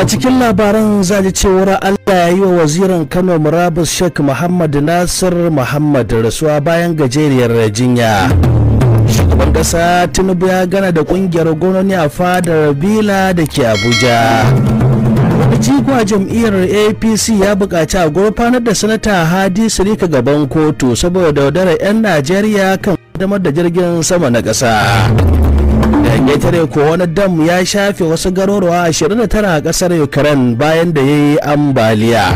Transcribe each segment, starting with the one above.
a cikin labaran zaji cewar allah ya yi wa Wazirin kano murabus sheikh muhammad nasir muhammad rasuwa bayan gajeriyar jinya shugaban kasa tinubu ya gana da kungiyar gononi a fadar bila da ke abuja jigwa jam'iyyar apc ya buƙaci a gurfanar da sanata hadi sirika gaban kotu saboda yaudarar 'yan najeriya kan damar da jirgin sama na ƙasa daga tare ko wani dam ya shafe wasu garuruwa 29 a ƙasar ukraine bayan da ya yi ambaliya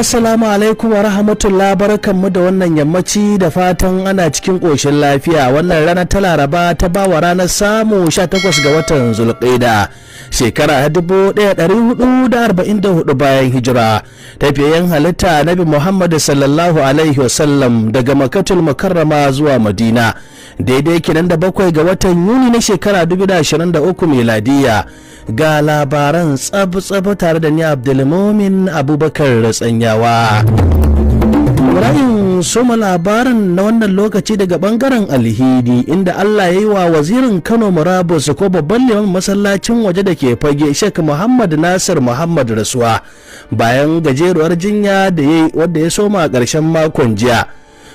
Assalamu alaikum wa rahmatullah mu da wannan yammaci da fatan ana cikin ƙoshin lafiya wannan rana ta laraba ta ba wa ranar samu 18 ga watan zulqaida shekara 1444 bayan hijira tafiyan halitta nabi Muhammad sallallahu alaihi wasallam daga makatul mukarrama zuwa madina daidai kinan da bakwai ga watan yuni na shekara 2023 miladiya ga labaran tsab tare da ni abdulmumin abubakar ratsanya yawa Ibrahim soma labarin na wannan lokaci daga bangaren alhidi inda Allah ya yi wa wazirin Kano su ko babban liman masallacin waje da ke fage Sheikh Muhammad Nasir Muhammad Rasuwa bayan gajeruwar jinya da ya yi wadda ya soma a ƙarshen makon jiya.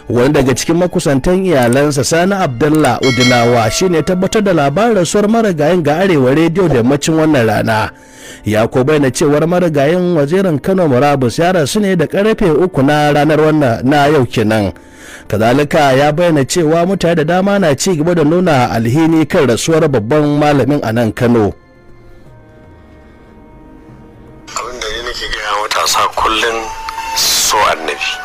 wani daga cikin makusantan iyalansa sani abdullah udilawa shine tabbatar da labarin rasuwar marigayin ga arewa rediyo da yammacin wannan rana ya ko bayyana cewar marigayin wazirin kano murabus ya rasu ne da karfe uku na ranar wannan na yau kenan kazalika ya bayyana cewa mutane da dama na ci gaba da nuna alhini kan rasuwar babban malamin a nan kano abin da ni nake gaya matasa kullum so annabi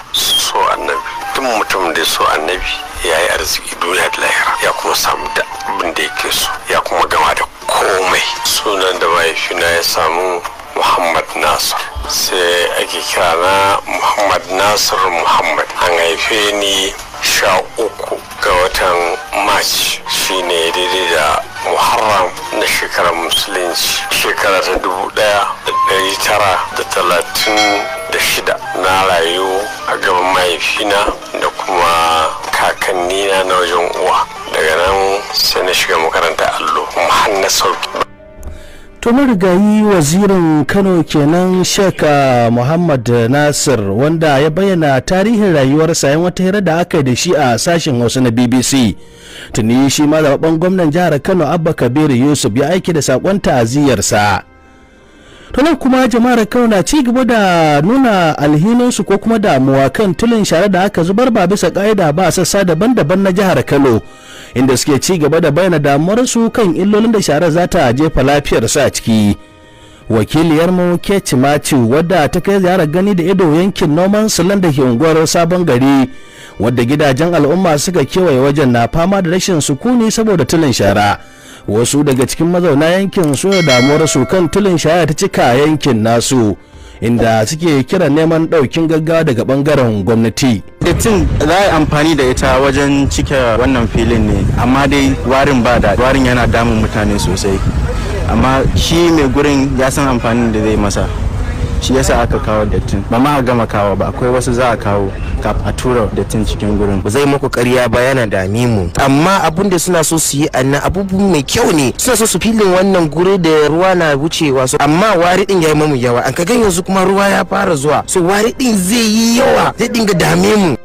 mutum mutum da so annabi ya yi arziki duniya da lahira ya kuma samu da abin da yake so ya kuma gama da komai sunan da mahaifina ya samu muhammad nasir sai ake kira na muhammad nasir muhammad an haife ni sha uku ga watan march shine daidai da muharram na shekarar musulunci shekara ta dubu daya da dari tara da talatin da shida na rayu a gaban mahaifina da kuma kakannina na wajen uwa daga nan sai na shiga makaranta allo muhannas to marigayi wazirin kano kenan sheik ah, muhammad nasir wanda ya bayyana tarihin rayuwarsa yan wata hira da aka yi da shi a sashen hausa na bbc tuni shi ma zaɓaɓɓen gwamnan jihar kano abba kabiru yusuf ya aiki da saƙon to nan kuma jama'ar kano na ci gaba da nuna alhininsu ko kuma damuwa kan tulin share da aka zubar ba bisa ƙa'ida ba a sassa daban-daban na jihar kano inda suke ci gaba da bayyana damuwarsu kan illolin da sharar za ta jefa lafiyarsu a ciki wakiliyarmu keci macu wadda ta kai ziyara gani da ido yankin noman sulan da ke unguwar sabon gari wadda gidajen al'umma suka kewaye wajen na fama da rashin sukuni saboda tulin shara wasu daga cikin mazauna yankin su da damuwar kan tulin shara ta cika yankin nasu inda suke kira neman ɗaukin gaggawa daga bangaren gwamnati. itin eh, za a amfani da ita wajen cike wannan filin ne amma dai warin ba da warin yana damun mutane sosai amma shi mai gurin ya san amfanin da zai masa. shi yasa aka kawo dattin ba ma a gama kawo ba akwai wasu za a kawo kaf a tura dattin cikin gurin ba zai muku ƙarya ba yana dami mu amma abun da suna so su yi nan abubuwan mai kyau ne suna so su filin wannan guri da ruwa na wucewa so amma wari din yayi mamu yawa an ka ga yanzu kuma ruwa ya fara zuwa so wari din zai yi yawa zai dinga dame mu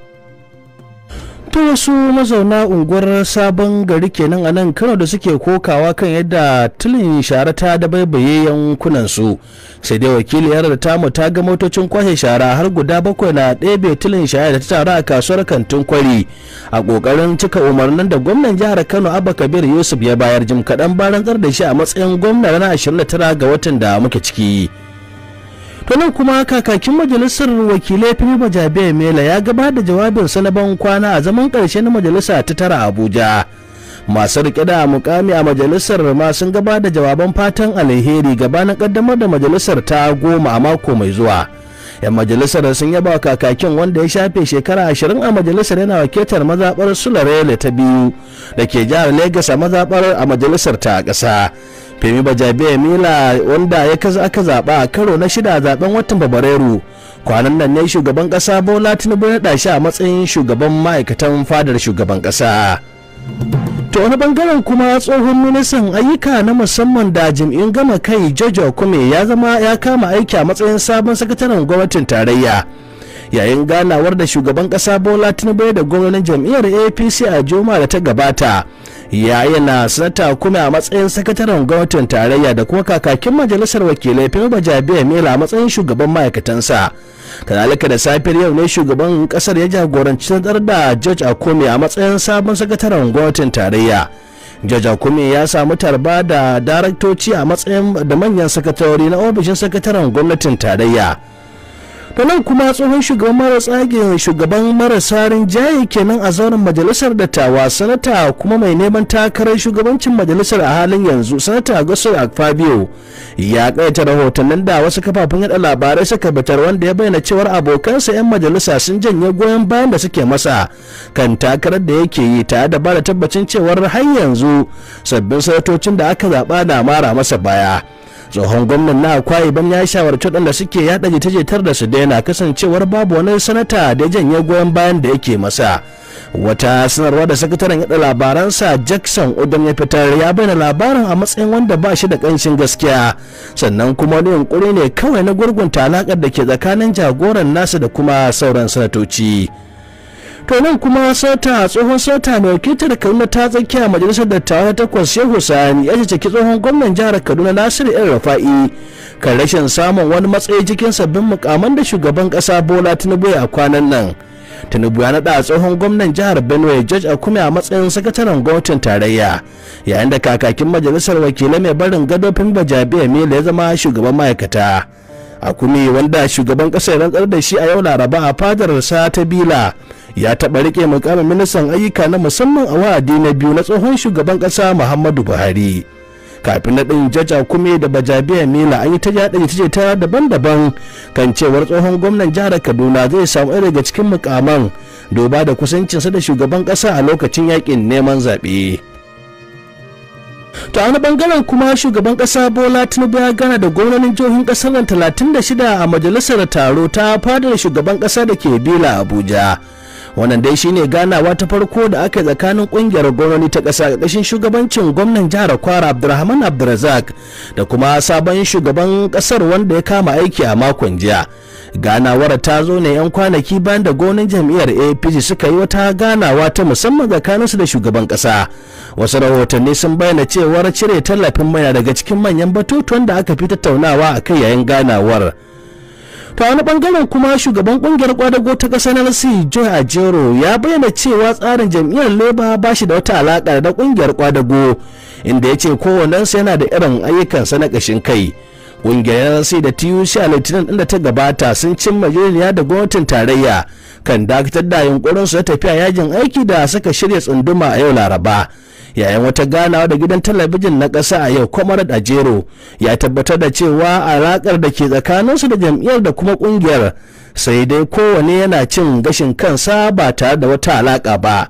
wato wasu mazauna unguwar sabon gari kenan a nan kano da suke kokawa kan yadda tilin shara ta da baibaye yankunan su sai dai wakiliyar da tamu ta ga motocin kwashe shara har guda bakwai na ɗebe tilin shara da ta taru a kasuwar kantin kwari a kokarin cika umarnin da gwamnan jihar kano abba kabir yusuf ya bayar jim kaɗan bayan da shi a matsayin gwamna ranar 29 ga watan da muke ciki. to nan kuma kakakin majalisar wakilai fili majabe mela ya gaba da jawabin salaban kwana a zaman karshe na majalisa ta tara abuja masu rike da mukami a majalisar ma sun gaba da jawaban fatan alheri gaba na kaddamar da majalisar ta goma a mako mai zuwa 'yan majalisar sun yaba kakakin wanda ya shafe shekara ashirin a majalisar yana wakiltar mazaɓar sularele ta biyu da ke jihar Legas a mazaɓar a majalisar ta ƙasa femi bajabe mila wanda ya aka zaba a karo na shida zaben watan fabrairu kwanan nan ne shugaban kasa bola tinubu ya dashi a matsayin shugaban ma'aikatan fadar shugaban kasa. to wani bangaren kuma tsohon ministan ayyuka na musamman da jami'in gama kai jojo kume ya zama ya kama aiki a matsayin sabon sakataren gwamnatin tarayya yayin ganawar da shugaban kasa bola tinubu da gwamnatin jam'iyyar apc a juma'a da ta gabata yayin na sanata kuma a matsayin sakataren gwamnatin tarayya da kuma kakakin majalisar wakilai firba jabiya mela a matsayin shugaban ma'aikatansa kanalika da safiyar yau ne shugaban kasar ya jagoranci sanar da george akumi a matsayin sabon sakataren gwamnatin tarayya george akumi ya samu tarba da daraktoci a matsayin da manyan sakatori na ofishin sakataren gwamnatin tarayya ta nan kuma tsohon shugaban mara marasa shugaban marasa rinjaye kenan a zauren majalisar dattawa sanata kuma mai neman takarar shugabancin majalisar a halin yanzu sanata a akfabio ya kaita rahotannin da wasu kafafen yada labarai suka bitar wanda ya bayyana cewar abokansa 'yan majalisa sun janye goyon bayan da suke masa kan takarar da yake yi tare da bada tabbacin cewar har yanzu sabbin sanatocin da aka zaɓa na mara masa baya tsohon gwamnan na akwai ban ya shawarci waɗanda suke yaɗa jita-jitar da su daina kasancewar babu wani sanata da janye goyon bayan da yake masa wata sanarwa da sakataren yaɗa labaransa jackson udon ya fitar ya bayyana labarin a matsayin wanda ba shi da ƙanshin gaskiya sannan kuma wani yunkuri ne kawai na gurgunta alaƙar da ke tsakanin jagoran nasa da kuma sauran sanatoci. to nan kuma sata tsohon sata mai wakiltar kaduna ta tsakiya majalisar dattawa ta takwas shehu sani ya ciki tsohon gwamnan jihar kaduna nasiru yan rafa'i kan rashin samun wani matsayi cikin sabbin mukaman da shugaban kasa bola tinubu a kwanan nan tinubu ya naɗa tsohon gwamnan jihar benue george akume a matsayin sakataren gwamnatin tarayya yayin da kakakin majalisar wakilai mai barin gado fimba jabi emile ya zama shugaban ma'aikata akumi wanda shugaban kasa ya rantsar da shi a yau laraba a fadar sa ta bila ya taɓa rike mukamin ministan ayyuka na musamman a wa'adi na biyu na tsohon shugaban ƙasa muhammadu buhari kafin na ɗin jaja kume da bajabiya mila an yi ta yaɗa ita ta daban-daban kan cewar tsohon gwamnan jihar kaduna zai samu ɗaya daga cikin mukaman doba da kusancinsa da shugaban ƙasa a lokacin yaƙin neman zaɓe to a bangaren kuma shugaban ƙasa bola tinubu ya gana da gwamnonin jihohin kasar nan shida a majalisar taro ta fadar shugaban ƙasa da ke bila abuja wannan dai shine ganawa ta farko da aka yi tsakanin kungiyar gwamnati ta ƙasa ƙarƙashin shugabancin gwamnan jihar kwara abdulrahman abdulrazak da kuma sabon shugaban ƙasar wanda ya kama aiki a makon jiya ganawar ta zo ne yan kwanaki bayan da gwamnan jam'iyyar apc suka yi wata ganawa ta musamman tsakaninsu da shugaban ƙasa wasu rahotanni sun bayyana cewar cire tallafin mai daga cikin manyan batutuwan da aka fi tattaunawa a kai yayin ganawar ta wani bangaren kuma shugaban kungiyar kwadago ta kasa na nasi joy ajero ya bayyana cewa tsarin jam'iyyar leba ba shi da wata alaƙa da kungiyar kwadago inda ya ce kowannensu yana da irin ayyukansa na kashin kai kungiyar nasi da tuc a litinin inda da ta gabata sun cimma majalisiya da gwamnatin tarayya kan dakatar da su na tafiya yajin aiki da suka shirya tsunduma a yau laraba yayin wata ganawa da gidan talabijin na ƙasa a yau kwamar ajero ya tabbatar da cewa alaƙar da ke tsakaninsu da jam'iyyar da kuma ƙungiyar sai dai kowane yana cin gashin kansa ba tare da wata alaƙa ba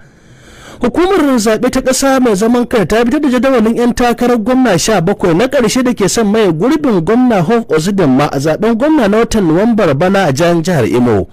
hukumar zaɓe ta ƙasa mai zaman kai ta fitar da jadawalin 'yan takarar gwamna 17 na ƙarshe da ke son mai gurbin gwamna hof osidin ma a zaɓen gwamna na watan nuwambar bana a jihar imo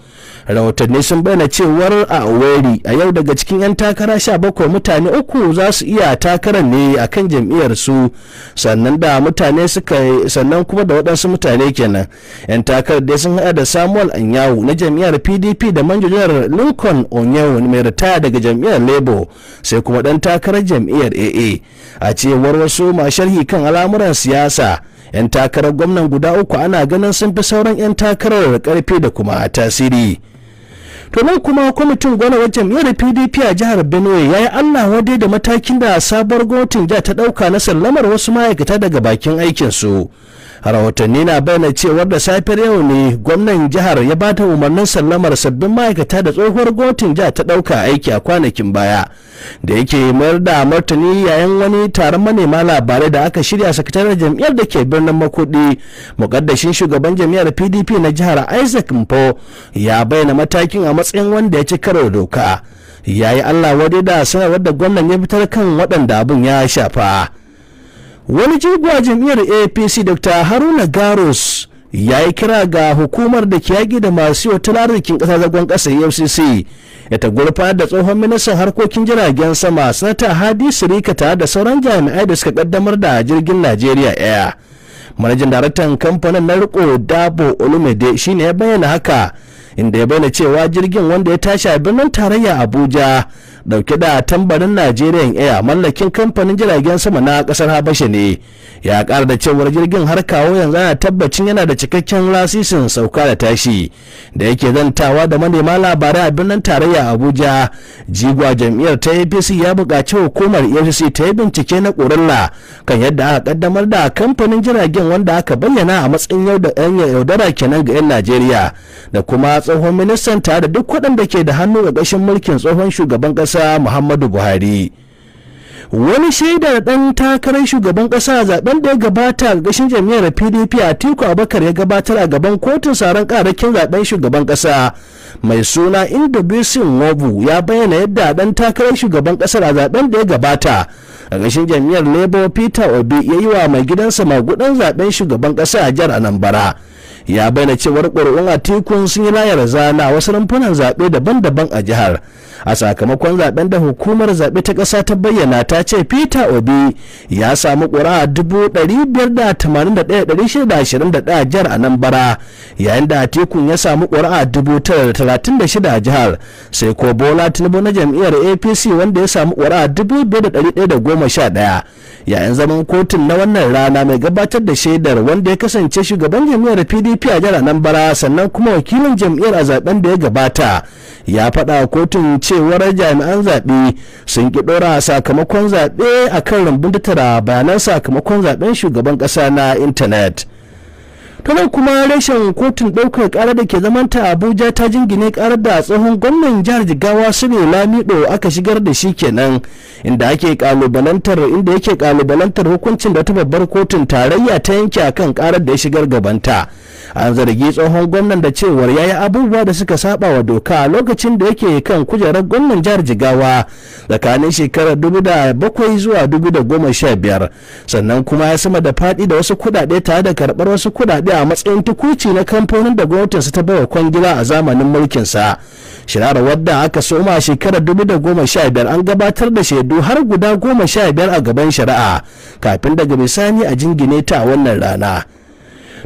rahotanni sun bayyana cewar a weri a yau daga cikin 'yan takara 17 mutane uku za su iya takarar ne a kan su sannan da mutane suka sannan kuma da waɗansu mutane kenan 'yan takarar dai sun haɗa da samuel anyawu na jam'iyyar pdp da manjojar lincoln onyewu mai ritaya daga jam'iyyar labour sai kuma ɗan takarar jam'iyyar aa a cewar wasu masharhi kan al'amuran siyasa 'yan takarar gwamnan guda uku ana ganin sun fi sauran 'yan takarar karfi da kuma tasiri. to nan kuma kwamitin gwanawar jam'iyyar pdp a jihar benue ya yi allah wadai da matakin da sabuwar gwamnatin jiha ta dauka na sallamar wasu ma'aikata daga bakin aikinsu rahotanni na bayyana cewar da safiyar yau ne gwamnan jihar ya ba ta umarnin sallamar sabbin ma'aikata da tsohuwar gwamnatin jihar ta ɗauka aiki a kwanakin baya da yake mayar da martani yayin wani taron manema labarai da aka shirya sakataren jam'iyyar da ke birnin makudi mukaddashin shugaban jam'iyyar pdp na jihar isaac mpo ya bayyana matakin a matsayin wanda ya ci karo doka ya yi allah wadai da sanarwar da gwamnan ya fitar kan waɗanda abin ya shafa wani a jam'iyyar apc dr haruna garos ya yi kira ga hukumar da ke yaƙi da masu yau talarrikin ƙasa zagon ƙasa efcc ya ta gurfanar da tsohon ministan harkokin jiragen sama sanata hadi sirika tare da sauran jami'ai da suka kaddamar da jirgin najeriya air manajan daraktan kamfanin na riko dabo olumide shine ya bayyana haka inda ya bayyana cewa jirgin wanda ya tashi a birnin tarayya abuja dauke da tambarin nigerian air mallakin kamfanin jiragen sama na kasar habasha ne ya kara da cewar jirgin har kawo yanzu ana tabbacin yana da cikakken lasisin sauka da tashi da yake zantawa da manema labarai a birnin tarayya abuja jigwa jam'iyyar ta apc ya buƙaci hukumar efcc ta yi bincike na ƙorilla kan yadda aka kaddamar da kamfanin jiragen wanda aka bayyana a matsayin yaudara kenan ga 'yan najeriya da kuma tsohon ministan tare da duk waɗanda ke da hannu ga ƙashin mulkin tsohon shugaban ƙasa muhammadu buhari wani shaida ɗan takarar shugaban ƙasa a zaɓen da ya gabata a ƙashin jam'iyyar pdp a tiku abakar ya gabatar a gaban kotun tsaron ƙarakin zaɓen shugaban ƙasa mai suna indobisi wabu ya bayyana yadda ɗan takarar shugaban ƙasar a zaɓen da ya gabata a ƙashin jam'iyyar labour peter obi ya yi wa mai gidansa magudan zaben shugaban ƙasa a jihar anambra ya bayyana cewar ƙuri'un a tekun sun yi layar zana wasu rumfunan zaɓe daban-daban a jihar a sakamakon zaben da hukumar zaɓe ta ƙasa ta bayyana ta ce peter obi ya samu ƙuri'a 581,621 jihar a nan bara yayin da atikun ya samu ƙuri'a 9,036 a jihar sai ko bola tinubu na jam'iyyar apc wanda ya samu ƙuri'a 5,111 yayin zaman kotun na wannan rana mai gabatar da shaidar wanda ya kasance shugaban jam'iyyar pdp a jihar nan bara sannan kuma wakilin jam'iyyar a zaben da ya gabata ya faɗa kotun ce cewar jami'an zaɓe sun ki ɗora sakamakon zaɓe a kan rumbun tattara bayanan sakamakon zaɓen shugaban ƙasa na intanet nan kuma rashin kotun ɗaukar ƙarar da ke zamanta abuja ta jingine ƙarar da tsohon gwamnan jihar jigawa ne lamido aka shigar da shi kenan inda ake kalubalantar inda yake kalubalantar hukuncin da ta babbar kotun tarayya ta yanke akan ƙarar da ya shigar gabanta an zargi tsohon gwamnan da cewar ya yi abubuwa da suka saba wa doka lokacin da yake kan kujerar gwamnan jihar jigawa tsakanin shekarar 2007 zuwa 2015 sannan kuma ya sama da faɗi da wasu kuɗaɗe tare da karɓar wasu kuɗaɗe a matsayin tukuci na kamfanin da gwamnatinsa ta baiwa kwangila a zamanin mulkinsa shirar wadda aka soma a shekarar 2015 an gabatar da shaidu har guda goma sha biyar a gaban shari'a kafin daga bisani a jingine ta wannan rana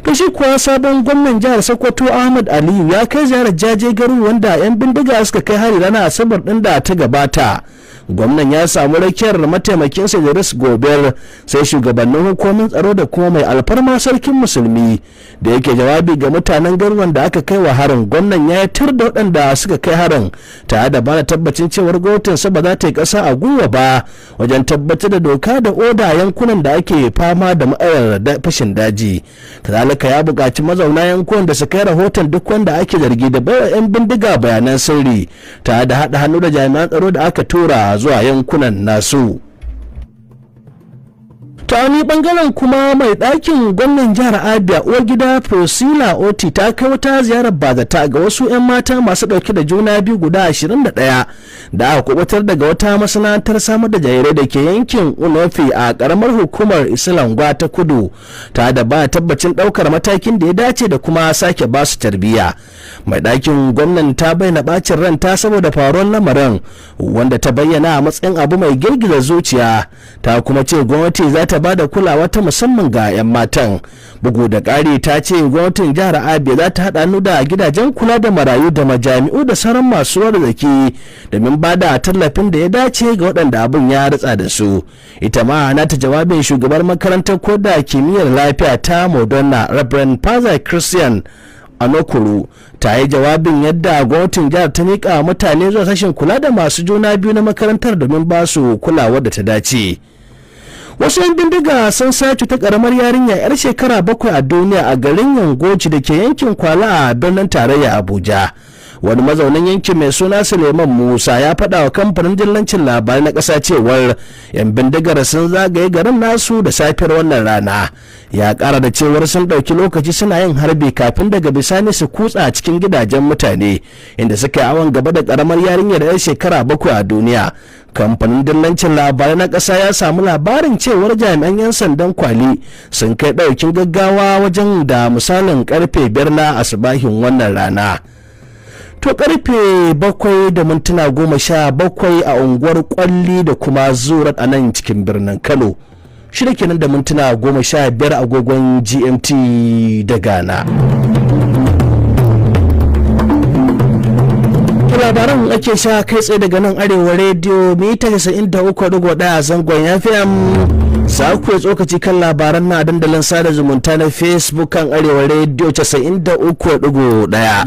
to shi kuwa sabon gwamnan jihar sokoto ahmad aliyu ya kai ziyarar jaje garin wanda 'yan bindiga suka kai hari ranar asabar din da ta gabata gwamnan ya samu rakiyar mataimakinsa idris gober sai shugabannin hukumin tsaro da kuma mai alfarma sarkin musulmi da yake jawabi ga mutanen garwan da aka kai wa harin gwamnan ya tar da waɗanda suka kai harin tare da bana tabbacin cewar gwamnatinsa ba za ta yi kasa a gwiwa ba wajen tabbatar da doka da oda yankunan da ake fama da ma'ayar fashin daji kazalika ya buƙaci mazauna yankunan da su kai rahoton duk wanda ake zargi da baiwa 'yan bindiga bayanan sirri tare da haɗa hannu da jami'an tsaro da aka tura zuwa yankunan nasu ta wani bangaren kuma mai ɗakin gwamnan jihar abia uwar gida priscilla oti ta kai wata ziyarar bazata ga wasu 'yan mata masu ɗauke da juna biyu guda ashirin da aka kubutar daga wata masana'antar samar da jarirai da ke yankin unofi a karamar hukumar isilangwa ta kudu ta da ba tabbacin ɗaukar matakin da ya dace da kuma sake basu tarbiyya mai ɗakin gwamnan ta bayyana bacin ran ta saboda faruwar lamarin wanda ta bayyana a matsayin abu mai girgiza zuciya ta kuma ce gwamnati za ta ta ba da kulawa ta musamman ga 'yan matan bugu da ƙari ta ce gwamnatin jihar abia za ta haɗa nuda da gidajen kula da marayu da majami'u da sauran masu arziki domin ba da tallafin da ya dace ga waɗanda abin ya ritsa da su ita ma na ta jawabin shugabar makarantar ko da kimiyyar lafiya ta modonna reverend faza christian anokuru ta yi jawabin yadda gwamnatin jihar ta miƙa mutane zuwa sashen kula da masu juna biyu na makarantar domin ba su kulawa da ta dace wasu 'yan bindiga sun sace ta karamar yarinya 'yar shekara bakwai a duniya a garin yangoci da ke yankin kwala a birnin tarayya abuja wani mazaunin yankin mai suna suleiman musa ya faɗa wa kamfanin jillancin labarai na ƙasa cewar 'yan bindigar sun zagaye garin nasu da safiyar wannan rana ya kara da cewar sun ɗauki lokaci suna yin harbi kafin daga bisani su kutsa cikin gidajen mutane inda suka yi awon gaba da ƙaramar yarinyar 'yar shekara bakwai a duniya kamfanin dillancin labarai na ƙasa ya samu labarin cewar jami'an 'yan sandan kwali sun kai ɗaukin gaggawa wajen da misalin karfe biyar na asibahin wannan rana to karfe bakwai da mintuna goma sha bakwai a unguwar kwalli da kuma zurat a nan cikin birnin kano shida kenan da mintuna goma sha biyar agogon gmt da ghana To labaran ake sha kai tsaye daga nan arewa rediyo mita 93.1 zangon ya fi za ku tsokaci kan labaran na dandalin sada zumunta na facebook kan arewa radio 93.1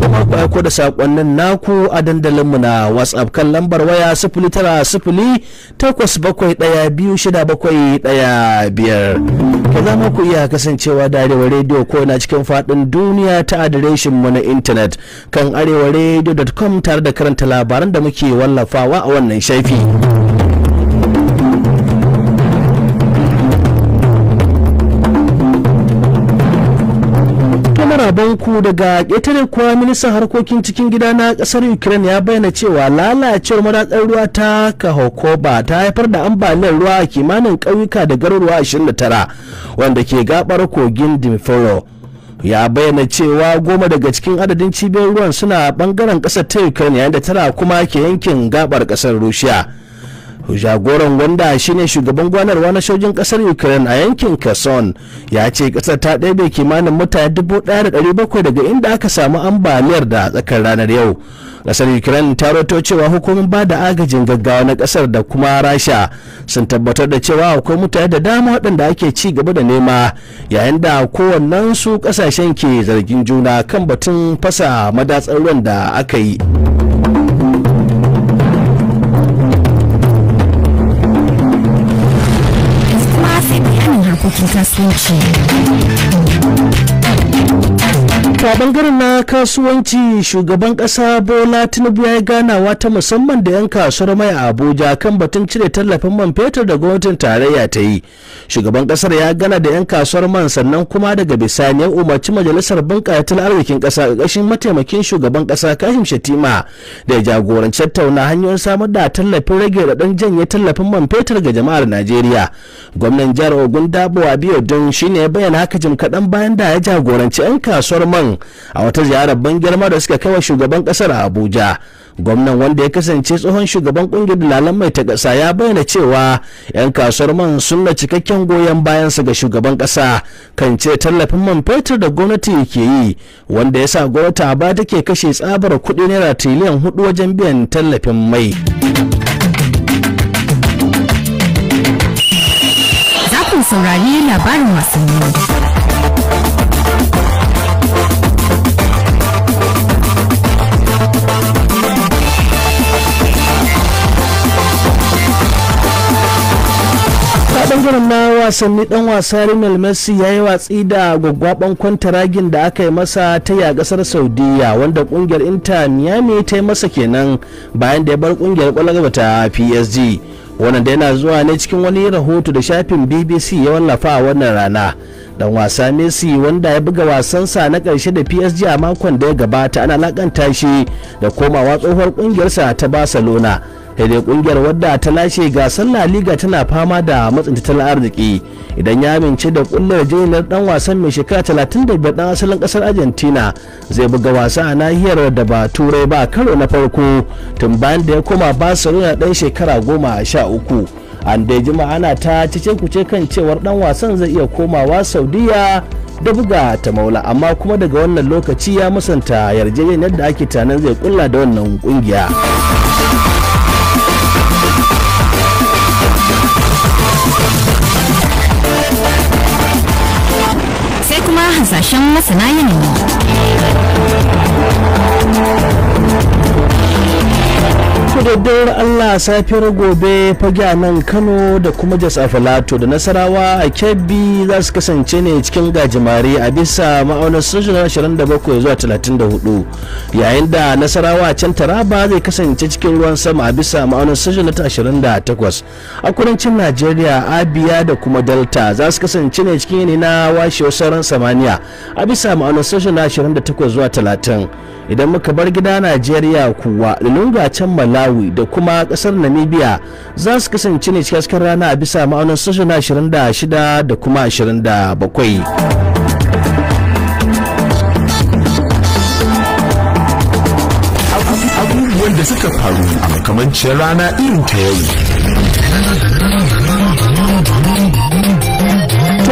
kuma ku aiko da sakonnin naku a dandalin mu na whatsapp kan lambar waya sifili tara sifili takwas bakwai shida bakwai ka za ku iya kasancewa da arewa rediyo ko na cikin faɗin duniya ta adireshin mu na intanet kan arewa radio.com tare da karanta labaran da muke wallafawa a wannan shafi. daga ƙetare kuwa ministan harkokin cikin gida na ƙasar ukraine ya bayyana cewa lalacewar maratsar ruwa ta kahokoba ta haifar da ambaliyar ruwa a kimanin ƙauyuka da garuruwa 29 wanda ke gabar kogin dimforo ya bayyana cewa goma daga cikin adadin cibiyar ruwan suna bangaren ƙasar ta ukraine yayin da tara kuma ke yankin gabar ƙasar russia jagoran wanda shine shugaban gwanarwa na sojin kasar ukraine a yankin kason ya ce kasar ta ɗebe kimanin mutane 1,700 daga inda aka samu ambaliyar da tsakar ranar yau kasar ukraine ta roto cewa hukumin ba da agajin gaggawa na kasar da kuma rasha sun tabbatar da cewa akwai mutane da dama waɗanda ake ci gaba da nema yayin da kowannen su kasashen ke zargin juna kan batun fasa madatsar ruwan da aka yi Africa Selection. To a bangaren na kasuwanci shugaban kasa Bola Tinubu ya yi ganawa ta musamman da 'yan kasuwar mai a Abuja kan batun cire tallafin man fetur da gwamnatin tarayya ta yi. Shugaban kasar ya gana da 'yan kasuwar man sannan kuma daga bisani ya umarci majalisar bunƙasa arzikin kasa ƙarƙashin mataimakin shugaban kasa Kashim Shatima da ya jagoranci tattauna hanyoyin samar da tallafin rage raɗin janye tallafin man fetur ga jama'ar Najeriya. Gwamnan jihar Ogun Dabo Abiodun shine ya bayyana haka jim kaɗan bayan da ya jagoranci 'yan kasuwar man a wata ziyarar ban girma da suka kai shugaban kasar a abuja gwamnan wanda ya kasance tsohon shugaban kungiyar dalalan mai ta ƙasa ya bayyana cewa 'yan kasuwar man sun na cikakken goyon bayan bayansa ga shugaban ƙasa kan ce tallafin man fetur da gwamnati ke yi wanda ya sa gwamnati ba ta ke kashe tsabar kuɗi naira tiliyan hudu wajen biyan tallafin mai. saurari labarin wasanni. bangaren na wasanni dan wasa rimel Messi ya yi watsi da gwaggwaban kwantaragin da aka yi masa ta ya kasar Saudiya wanda kungiyar Inter Miami ta yi masa kenan bayan da ya bar kungiyar kwallon ta PSG. Wannan da yana zuwa ne cikin wani rahoto da shafin BBC ya wallafa a wannan rana. dan wasa messi wanda ya buga wasansa na karshe da psg a makon da ya gabata ana lakanta shi da komawa tsohuwar kungiyarsa ta barcelona daidai kungiyar wadda ta lashe gasar la liga tana fama da matsin tattalin arziki idan ya amince da kullar jinar dan wasan mai shekara 35 dan asalin kasar argentina zai buga wasa a nahiyar da ba turai ba karo na farko tun bayan da ya koma barcelona dan shekara goma sha uku an dai jima ana ta cikin kuce kan cewar dan wasan zai iya komawa saudiya da buga ta maula amma kuma daga wannan lokaci ya musanta yarjejeniyar da ake tanan zai kulla da wannan kungiya. sai kuma hasashen masana yanayi yardar Allah safiyar gobe fage nan Kano da kuma Jos a da Nasarawa a Kebbi za su kasance ne cikin gajimare a bisa ma'aunar sojin 27 zuwa 34 yayin da Nasarawa can Taraba zai kasance cikin ruwan sama a bisa ma'aunar sojin 28 a kudancin Najeriya Abia da kuma Delta za su kasance ne cikin yanayi na washewar sauran samaniya a bisa ma'aunar sojin 28 zuwa 30 idan muka bar gida Najeriya kuwa Lunga can Malawi malawi da kuma kasar namibia za su kasance ne cikin rana a bisa ma'aunin sashen 26 da kuma 27 abubuwan da suka faru a makamancin rana irin ta yau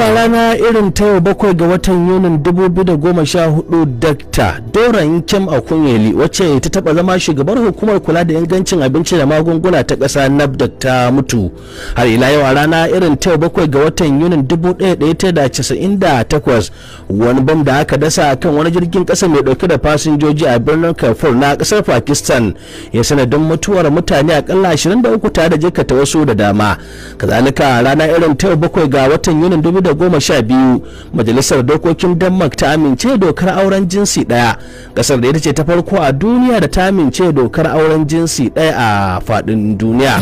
a rana irin ta yau bakwai ga watan yunin 2014 dakta dora kim a kunyeli wacce ta taba zama shugabar hukumar kula da ingancin abinci da magunguna ta kasa nafdak ta mutu har ila yau a rana irin ta yau bakwai ga watan yunin 1998 wani bam da aka dasa akan wani jirgin kasa mai dauke da fasinjoji a birnin kafur na kasar pakistan ya sanadin mutuwar mutane akalla 23 tare da jikata wasu da dama kazalika rana irin ta yau bakwai ga watan yunin goma sha biyu majalisar dokokin denmark ta amince dokar auren jinsi daya kasar da ita ce ta farko a duniya da ta amince dokar auren jinsi daya a faɗin duniya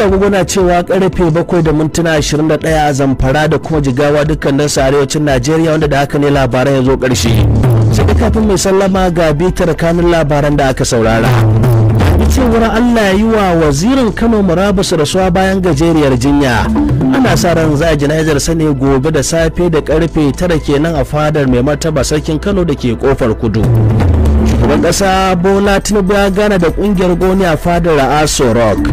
haka muna cewa karfe 7 da mintuna 21 a zamfara da kuma jigawa dukkan nasu arewacin najeriya wanda da haka ne labaran ya zo karshe sai da kafin mai sallama ga bitar kanun labaran da aka saurara cewar allah ya yi wa wazirin kano murabus rasuwa bayan gajeriyar jinya ana sa ran za a jinajar sani gobe da safe da karfe tara kenan a fadar mai martaba sarkin kano da ke kofar kudu shugaban kasa bola tinubu ya gana da kungiyar goni a fadar aso rock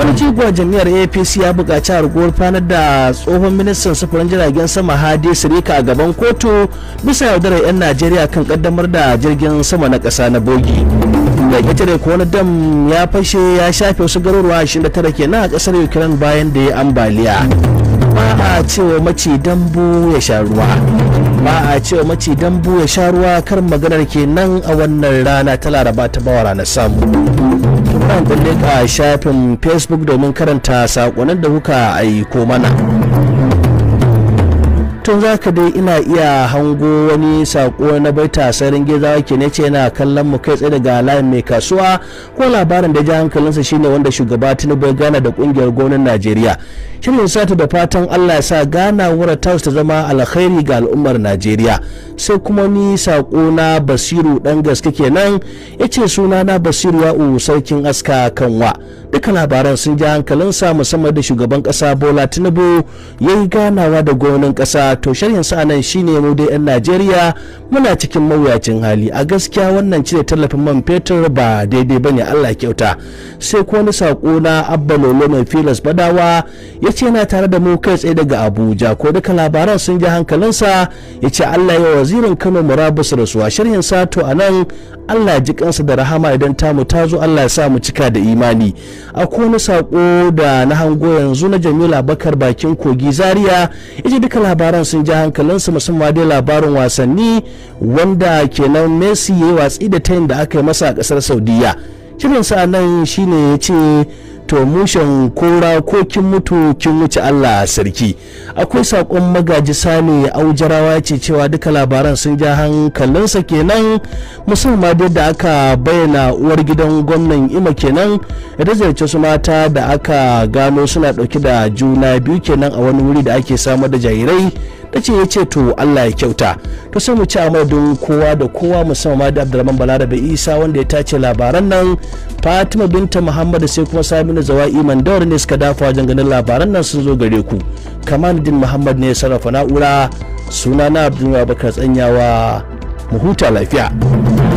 wani jigon jami'ar apc ya buƙaci arguwar fanar da tsohon ministan sufurin jiragen sama hadi sirika a gaban kotu bisa yaudarar 'yan najeriya kan kaddamar da jirgin sama na ƙasa na bogi da ƙetare ko wani dam ya fashe ya shafe wasu garuruwa tara kenan a ƙasar ukraine bayan da ya ambaliya ba a cewa mace dambu ya sha ruwa ba a cewa mace dambu ya sha ruwa kar maganar kenan a wannan rana ta laraba ta bawa ranar samu nan kun a shafin facebook domin karanta saƙonin da kuka aiko mana fatan zaka dai ina iya hango wani sako na baita sarin gida ke ne ce yana kallon mu kai tsaye daga layin mai kasuwa ko labarin da ja hankalinsa shine wanda shugaba tinubu ya gana da kungiyar gwamnan najeriya shirin sata da fatan allah ya sa gana wura ta zama alkhairi ga al'ummar najeriya sai kuma ni sako na basiru dan gaske kenan ya ce suna na basiru ya u sarkin aska kanwa duka labaran sun ja hankalinsa musamman da shugaban kasa bola tinubu ya yi ganawa da gwamnan kasa wato shirin sa nan shine mu dai yan Najeriya muna cikin mawuyacin hali a gaskiya wannan cire tallafin man fetur ba daidai bane Allah kyauta sai ko wani sako na Abba Lolo mai Filas Badawa yace yana tare da mu kai tsaye daga Abuja ko duka labaran sun ji hankalinsa yace Allah ya wazirin Kano Murabusu rasuwa shirin sa to anan Allah ya ji kansa da rahama idan tamu ta zo Allah ya sa mu cika da imani akwai wani sako da na hango yanzu na Jamila Bakar bakin kogi Zaria ita duka labaran sun ji hankalinsa musamman dai labarin wasanni wanda kenan Messi ya watsi da tayin da aka yi masa a kasar Saudiya shirin sa nan shine yace to mushen kora ko kin mutu kin wuce Allah sarki akwai sakon magaji sani aujarawa ce cewa duka labaran sun ja hankalinsa kenan musamman da aka bayyana uwar gidan gwamnan ima kenan da ziyarci su mata da aka gano suna dauke da juna biyu kenan a wani wuri da ake samar da jarirai ta ce ya ce to Allah ya kyauta to sai mu ci a kowa da kowa musamman da Abdulrahman bai Isa wanda ya tace labaran nan Fatima binta Muhammad sai kuma Saminu Zawai Mandawar ne suka dafa wajen ganin labaran nan sun zo gare ku Kamaluddin Muhammad ne ya sarrafa na'ura sunana Abdulrahman Bakar Tsanyawa mu huta lafiya